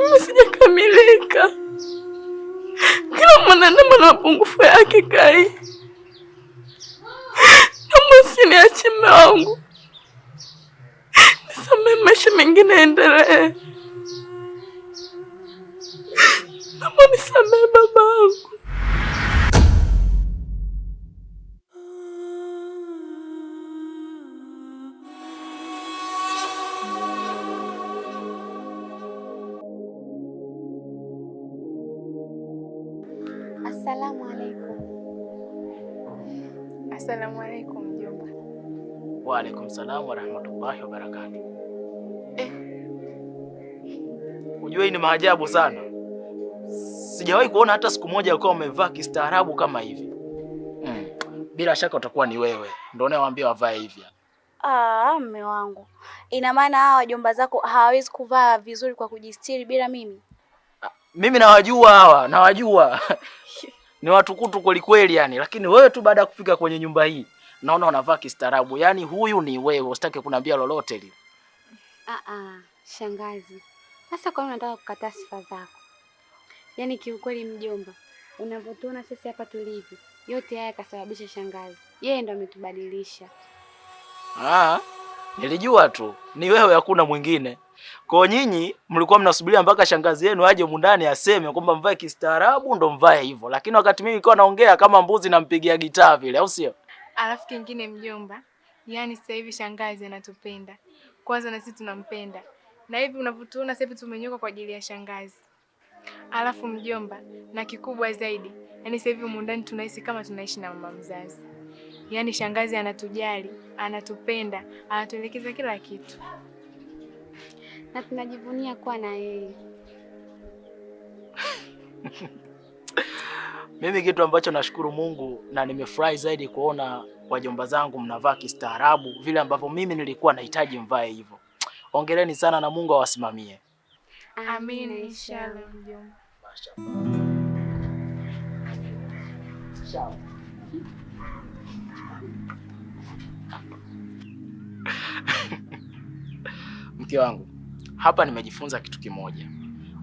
mimi sijakamilika. Kila mwanadamu na mapungufu yake Kai, kama usiniache mume wangu, nisamehe, maisha mengine yaendelee. Kama nisamehe babangu Asalamu alaikum mjomba. Wa alaikum salamu wa rahmatullahi wa barakatuh. Eh. Unajua ni maajabu sana, sijawahi kuona hata siku moja ukiwa umevaa kistaarabu kama hivi. Mm. Bila shaka utakuwa ni wewe ndio unayewaambia wavae hivi. Ah, mme wangu, ina maana hawa wajomba zako hawawezi kuvaa vizuri kwa kujistiri bila mimi? Ah, mimi nawajua hawa, nawajua ni watukutu kwelikweli yani, lakini wewe tu baada ya kufika kwenye nyumba hii naona unavaa kistaarabu yani, huyu ni wewe, usitaki kuniambia lolote lile. Ah ah, shangazi, sasa kwa nini unataka kukataa sifa zako? yani kiukweli, mjomba, unavyotuona sisi hapa tulivyo, yote haya yakasababisha shangazi, yeye ndo ametubadilisha. Ah. Nilijua tu ni wewe, hakuna mwingine. Kwa nyinyi mlikuwa mnasubiria mpaka shangazi yenu aje mundani aseme kwamba mvae kistaarabu ndo mvae hivyo, lakini wakati mimi nilikuwa naongea kama mbuzi nampigia gitaa vile, au sio? Alafu kingine mjomba, yani sasa hivi shangazi anatupenda kwanza, na sisi tunampenda, na hivi unavyotuona sasa hivi tumenyoka kwa ajili ya shangazi. Alafu mjomba, na kikubwa zaidi, yani sasa hivi mundani tunahisi kama tunaishi na mama mzazi. Yaani shangazi anatujali, anatupenda, anatuelekeza kila kitu, na tunajivunia kuwa na yeye. Mimi kitu ambacho nashukuru Mungu na nimefurahi zaidi kuona wajomba zangu mnavaa kistaarabu vile ambavyo mimi nilikuwa nahitaji mvae hivyo. Ongereni sana na Mungu awasimamie. Amina inshallah. mke wangu, hapa nimejifunza kitu kimoja.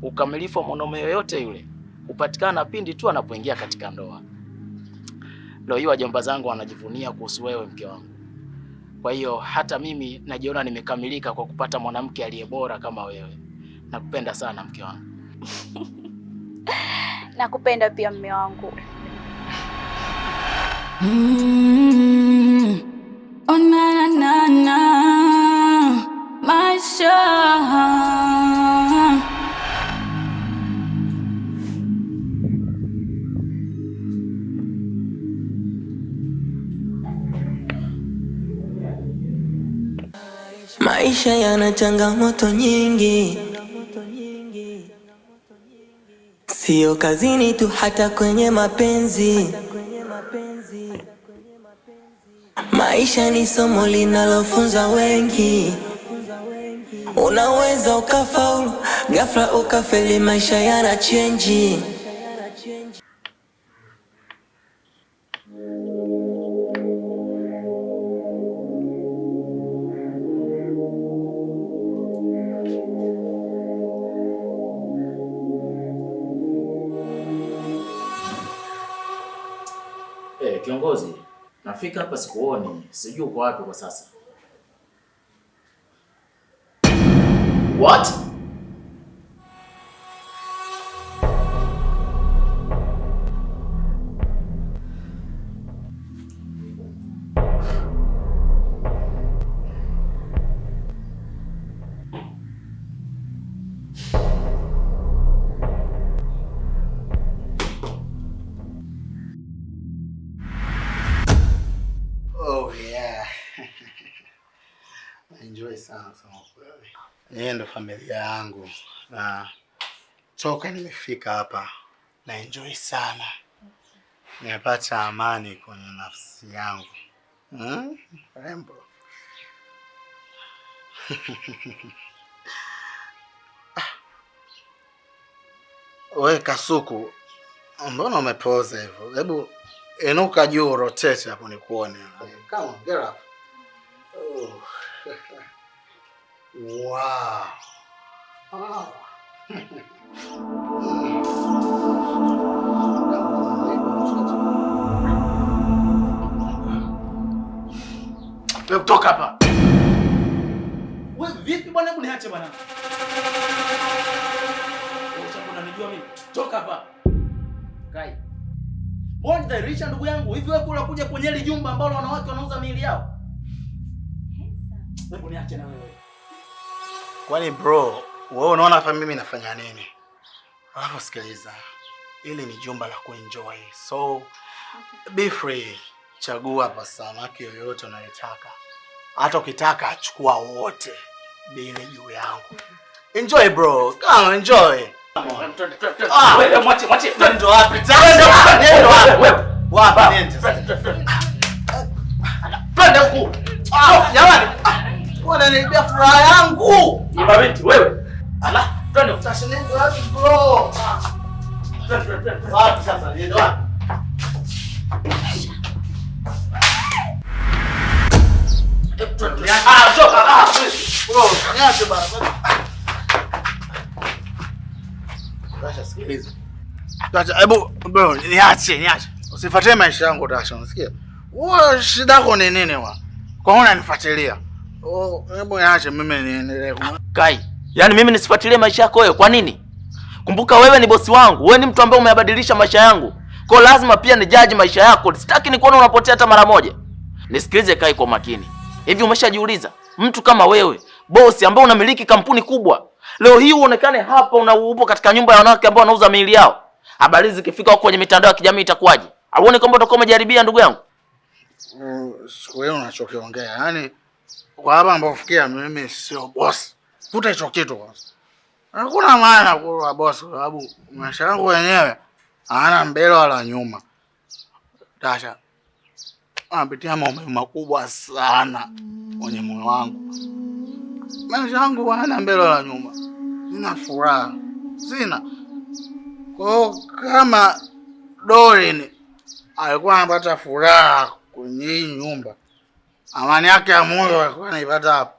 Ukamilifu wa mwanaume yoyote yule hupatikana pindi tu anapoingia katika ndoa. Ndio hiyo wajomba zangu wanajivunia kuhusu wewe, mke wangu. Kwa hiyo hata mimi najiona nimekamilika kwa kupata mwanamke aliye bora kama wewe. Nakupenda sana mke wangu. Nakupenda pia mme wangu. Mm, oh, na, na, na. Maisha yana changamoto nyingi, sio kazini tu, hata kwenye mapenzi. Maisha ni somo linalofunza wengi, unaweza ukafaulu, ghafla ukafeli, maisha yana chenji. Kiongozi, nafika hapa sikuoni, sijui uko wapi kwa sasa. What? enjoy sana kusema kweli. Yeye ndo familia yangu na toka nimefika hapa na enjoy sana, nimepata amani kwenye nafsi yangu hmm? Rembo ah. we Kasuku, mbona umepoza hivyo? Hebu enuka juu rotate hapo nikuone. Come on, get up. Oh. Wow. Oh. Toka hapa. Wewe vipi bwana, hebu niache bwana. Unanijua mimi? Toka hapa. Kai. Bonda Richard ndugu yangu, hivi wewe kula kuja kwenye ile jumba ambalo wanawake wanauza miili yao? Hebu niache na wewe. Kwani bro, wewe unaona hapa mimi nafanya nini? Alafu sikiliza, hili ni jumba la kuenjoy, so be free, chagua hapa samaki yoyote unayotaka, hata ukitaka achukua wote bila juu yangu. Enjoy bro, come enjoy. wapi? wapi? Wapi? Jamani wananiibia furaha yangu. Wewe ala, wapi sasa niende wapi? niache niache, usifuatie maisha yangu Tasha, unasikia? shida yako ni nini? wa kwaona nifuatilia Oh, hebu acha mimi niendelee. Kai, yaani mimi nisifuatilie maisha yako wewe kwa nini? Kumbuka wewe ni bosi wangu, wewe ni mtu ambaye umeyabadilisha maisha yangu. Kwa lazima pia ni judge maisha yako. Sitaki nikuone unapotea hata mara moja. Nisikilize Kai kwa makini. Hivi umeshajiuliza, mtu kama wewe, bosi ambaye unamiliki kampuni kubwa, leo hii uonekane hapa unaupo katika nyumba ya wanawake ambao wanauza miili yao. Habari zikifika huko kwenye mitandao ya kijamii itakuwaje? Auone kwamba utakuwa umejaribia ndugu yangu? Mm, siku hiyo unachokiongea, yaani Ukahapa mbofikia mimi sio bosi. Futa hicho kitu kwanza. Hakuna maana kuwa bosi kwa sababu maisha yangu wenyewe hana mbele wala nyuma. Tasha. Napitia maumivu makubwa sana kwenye moyo wangu. Maisha yangu hana mbele wala nyuma. Sina furaha. Sina. Kwa hiyo kama Dorin alikuwa anapata furaha kwenye hii nyumba amani yake ya moyo alikuwa anaipata hapo.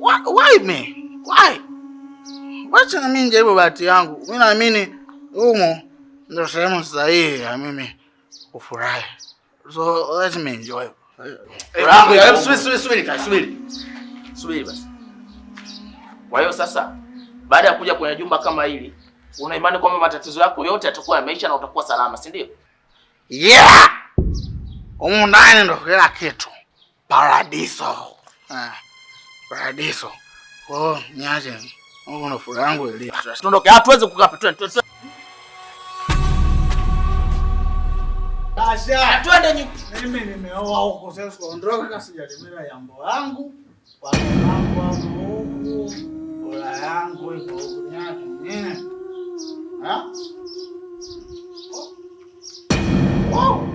Why me? Why? Wacha na mimi njaribu bahati yangu. Mimi naamini humo ndio sehemu sahihi ya mimi kufurahi. So let me enjoy. Kwa hiyo sasa baada ya kuja kwenye jumba kama hili una imani kwamba matatizo yako yote yatakuwa yameisha na utakuwa salama, si ndio? Yeah. Humu ndani ndo kila kitu paradiso. Ah, paradiso. Oh, niaje. Mungu na furaha yangu ile. Tuondoke. Hatuwezi kukaa hapa. Twende. twende. Asha. Ah, twende nyumbani. Mimi nimeoa huko sasa kuondoka sijalimira jambo langu. Kwa wa Mungu. Ola yangu iko huko nyati. Nini? Ha? Oh. Wow. Oh.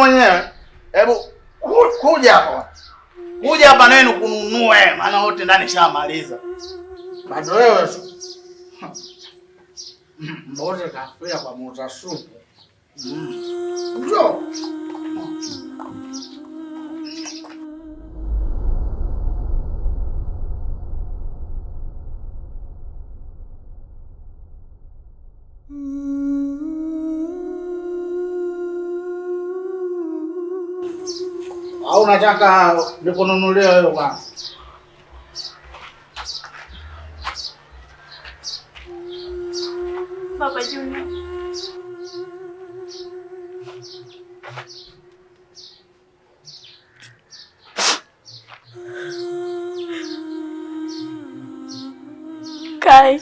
wewe mwenyewe, hebu kuja hapa, kuja hapa nenu nikununue, maana wote ndani shamaliza. Bado wewe mboze kafia kwa muuza supu. Mm. unataka nikununulie wewe bwana? Baba Junior. Kai.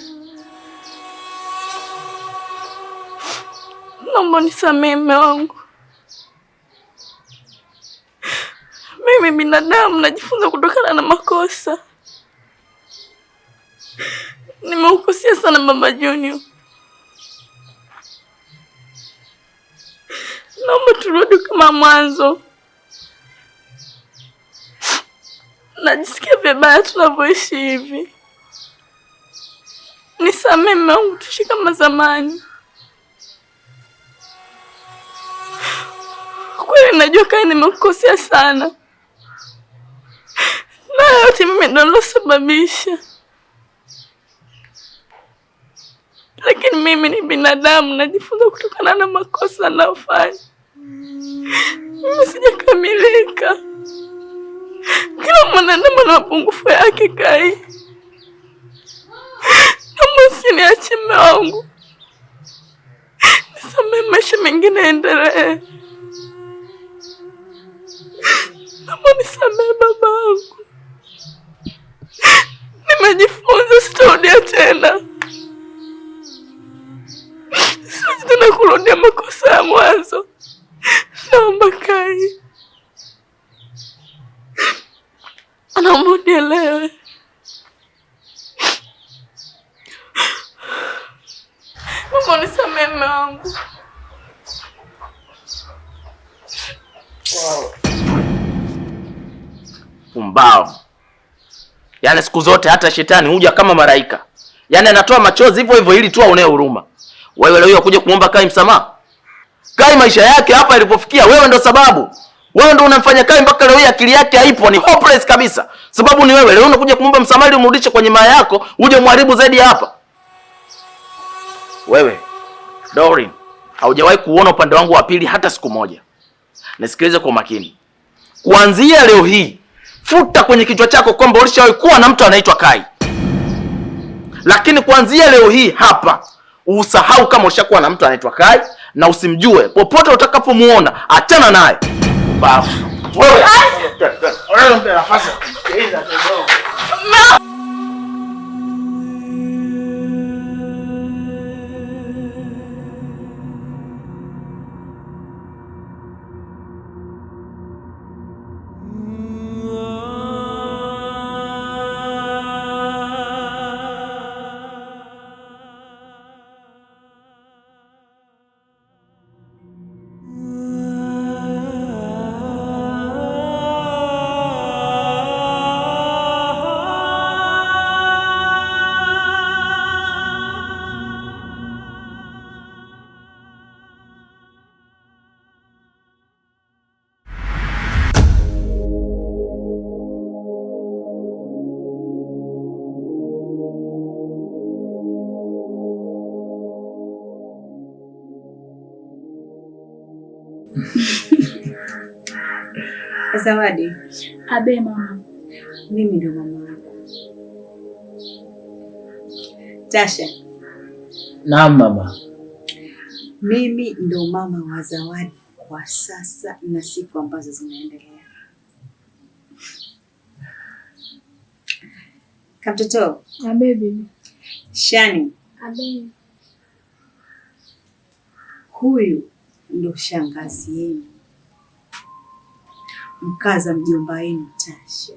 Naomba nisamehe mume wangu. mimi binadamu najifunza kutokana na makosa. Nimeukosea sana Baba Junior, naomba turudi kama mwanzo. Najisikia vibaya tunavyoishi hivi. Nisamee mume wangu, tuishi kama zamani. Kweli najua kaa nimekukosea sana mimi ndo nilosababisha, lakini mimi ni binadamu, najifunza kutokana na makosa nayofanya. Mimi sijakamilika, kila mwanadamu ana mapungufu yake. Kai, naomba usiniache mume wangu, nisamehe, maisha mengine endelee Naomba nisamehe babangu. Nimejifunza, sitarudia tena, siwezi tena kurudia makosa ya mwanzo. Naomba Kai, naomba unielewe. Naomba unisamehe mume wangu. Wow. Umbao Yaani siku zote hata shetani huja kama malaika. Yaani anatoa machozi hivyo hivyo ili tu aonee huruma. Wewe leo unakuja kuomba Kai msamaha. Kai maisha yake hapa ilipofikia wewe ndo sababu. Wewe ndo unamfanya Kai mpaka leo akili yake haipo ni hopeless kabisa. Sababu ni wewe leo unakuja kumomba msamaha ili umrudishe kwenye maya yako uje mharibu zaidi hapa. Wewe Dorin, haujawahi kuona upande wangu wa pili hata siku moja. Nisikilize kwa makini. Kuanzia leo hii futa kwenye kichwa chako kwamba ulishawahi kuwa na mtu anaitwa Kai, lakini kuanzia leo hii hapa usahau kama ulishakuwa na mtu anaitwa Kai na usimjue. Popote utakapomuona achana naye. Zawadi. Abe mama. Mimi ndio mama yako. Tasha. Naam mama. Mimi ndo mama wa Zawadi kwa sasa na siku ambazo zinaendelea. Kamtoto. Abe bibi. Shani. Abe. Huyu ndo shangazi yenu mkaza mjomba wenu Tasha.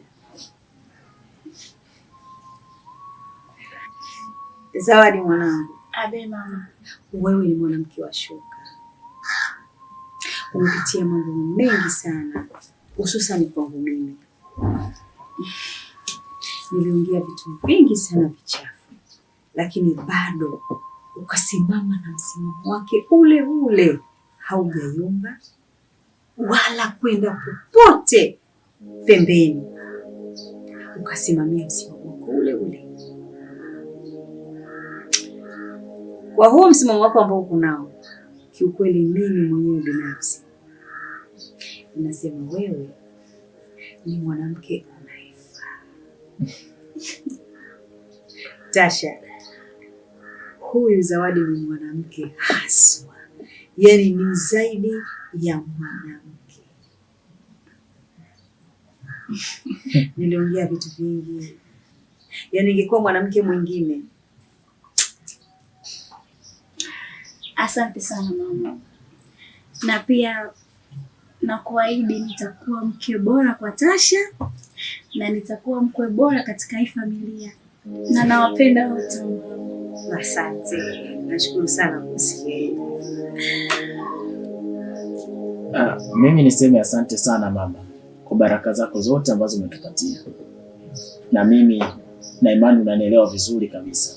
Zawadi mwanangu. Abe mama. Wewe ni mwanamke wa shoka, umepitia mambo mengi sana, hususani kwangu mimi. Niliongea vitu vingi sana vichafu, lakini bado ukasimama na msimamo wake ule ule, haujayumba wala kwenda popote pembeni, ukasimamia msimamo wako ule ule kwa huo msimamo wako ambao uko nao. Kiukweli mimi mwenyewe binafsi nasema wewe ni mwanamke unayefaa. Tasha, huyu Zawadi ni mwanamke haswa, yani ni zaidi ya mwanamke. niliongea vitu vingi, yaani ingekuwa mwanamke mwingine. Asante sana mama, na pia nakuahidi nitakuwa mke bora kwa Tasha na nitakuwa mkwe bora katika hii familia na nawapenda wote. Asante, nashukuru sana kusikia. Ah, mimi niseme asante sana mama kwa baraka zako zote ambazo umetupatia, na mimi na imani unanielewa vizuri kabisa.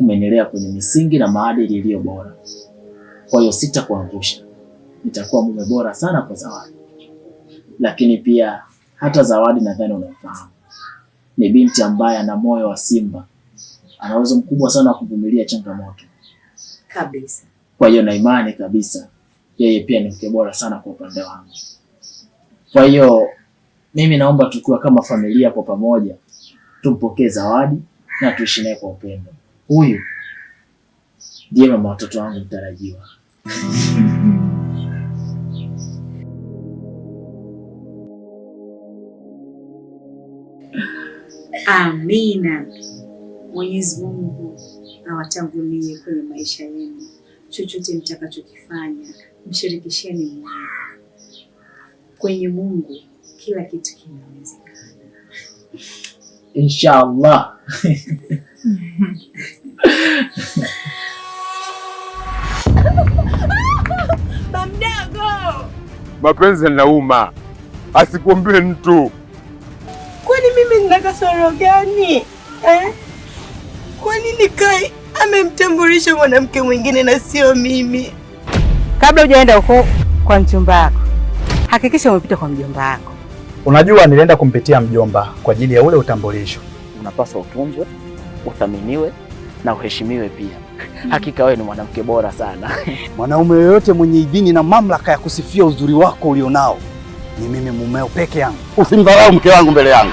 Umenielea kwenye misingi na maadili iliyo bora, kwa hiyo sitakuangusha. Nitakuwa mume bora sana kwa Zawadi, lakini pia hata Zawadi nadhani unamfahamu, ni binti ambaye ana moyo wa simba, ana uwezo mkubwa sana wa kuvumilia changamoto kabisa. Kwa hiyo na imani kabisa yeye pia ni mke bora sana kwa upande wangu. Kwa hiyo mimi naomba tukiwa kama familia kwa pamoja tumpokee Zawadi na tuishi naye kwa upendo. Huyu ndiye mama watoto wangu mtarajiwa. Amina. Mwenyezi Mungu awatangulie kwenye maisha yenu. Chochote mtakachokifanya mshirikisheni Mungu. Kwenye Mungu kila kitu kinawezekana, inshallah. Bamdago, mapenzi yanauma, asikuambie mtu. Kwani mimi nina kasoro gani eh? Kwa nini amemtambulisha mwanamke mwingine na sio mimi? Kabla hujaenda huko kwa mchumba wako hakikisha umepita kwa mjomba wako. Unajua, nilienda kumpitia mjomba kwa ajili ya ule utambulisho. Unapaswa utunzwe, uthaminiwe na uheshimiwe pia. Hakika wewe ni mwanamke bora sana. Mwanaume yoyote mwenye idhini na mamlaka ya kusifia uzuri wako ulionao ni mimi mumeo peke yangu. Usimdharau mke wangu mbele yangu.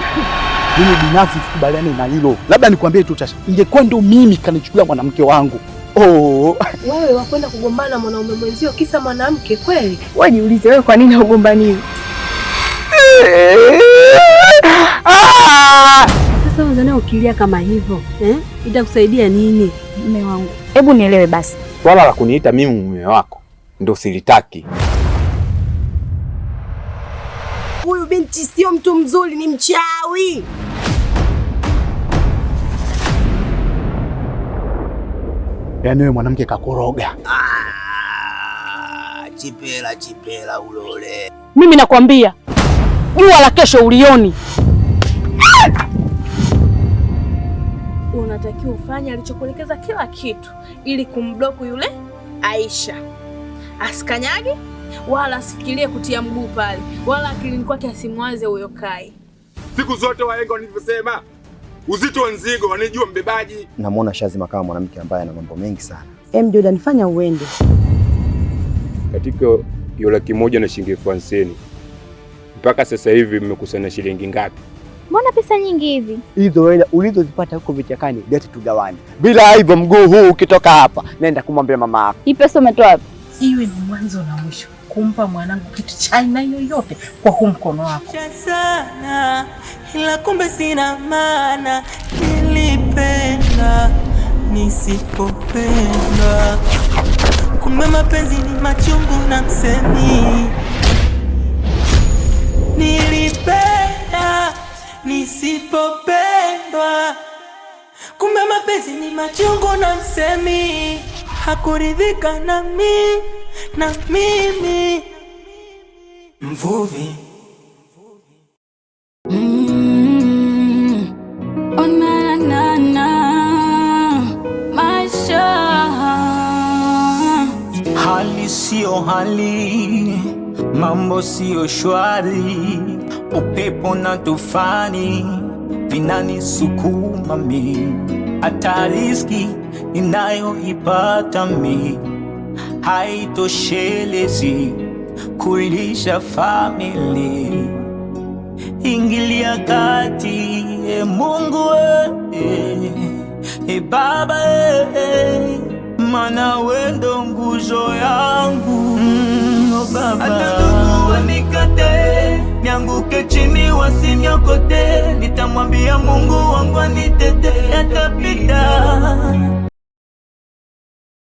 Mimi binafsi sikubaliani na hilo. Labda nikwambie tu Tasha, ingekuwa ndio mimi kanichukulia mwanamke wangu Oh. Wewe wakwenda kugombana mwanaume mwenzio kisa mwanamke kweli? Wewe jiulize wewe kwa nini ugombani? Sasa unazana ukilia kama hivyo, eh? Itakusaidia nini mume wangu? Hebu nielewe basi. Swala la kuniita mimi mume wako ndo silitaki. Huyu binti sio mtu mzuri, ni mchawi. Yaani wewe mwanamke kakoroga. Ah, chipela chipela ulole. Mimi nakwambia jua la kesho ulioni. Unatakiwa ufanye alichokuelekeza kila kitu, ili kumbloku yule Aisha asikanyage wala asifikirie kutia mguu pale, wala akilini kwake asimwaze huyo Kai. Siku zote wahenga nilivyosema uzito wa nzigo wanijua mbebaji. Namwona Shazima kama mwanamke ambaye ana mambo mengi sana. Em, eh, Jordan fanya uende. Katika hiyo laki moja na shilingi elfu hamsini mpaka sasa hivi mmekusanya shilingi ngapi? Mbona pesa nyingi hivi? Hizo hela ulizozipata huko vichakani deti tugawane. Bila hivyo mguu huu ukitoka hapa, naenda kumwambia mama yako. Hii pesa umetoa wapi? Iwe ni mwanzo na mwisho kumpa mwanangu kitu cha aina yoyote kwa huu mkono wako sana, ila kumbe sina maana. Nilipenda nisipopenda, kumbe mapenzi ni machungu na msemi. Nilipenda nisipopendwa, kumbe mapenzi ni machungu na msemi, hakuridhika mimi na mimi mvuvi. Mm-hmm. Oh, hali siyo hali, mambo siyo shwari, upepo na tufani vinanisukuma mi, hata riski inayoipata mi haitoshelezi kulisha famili. Ingilia kati, e Mungu e, e Baba e, mana wendo nguzo yangu mm, oh Baba, hata ndugu wanikate, nianguke chini wasiniokote, nitamwambia Mungu wangu anitete, yatapita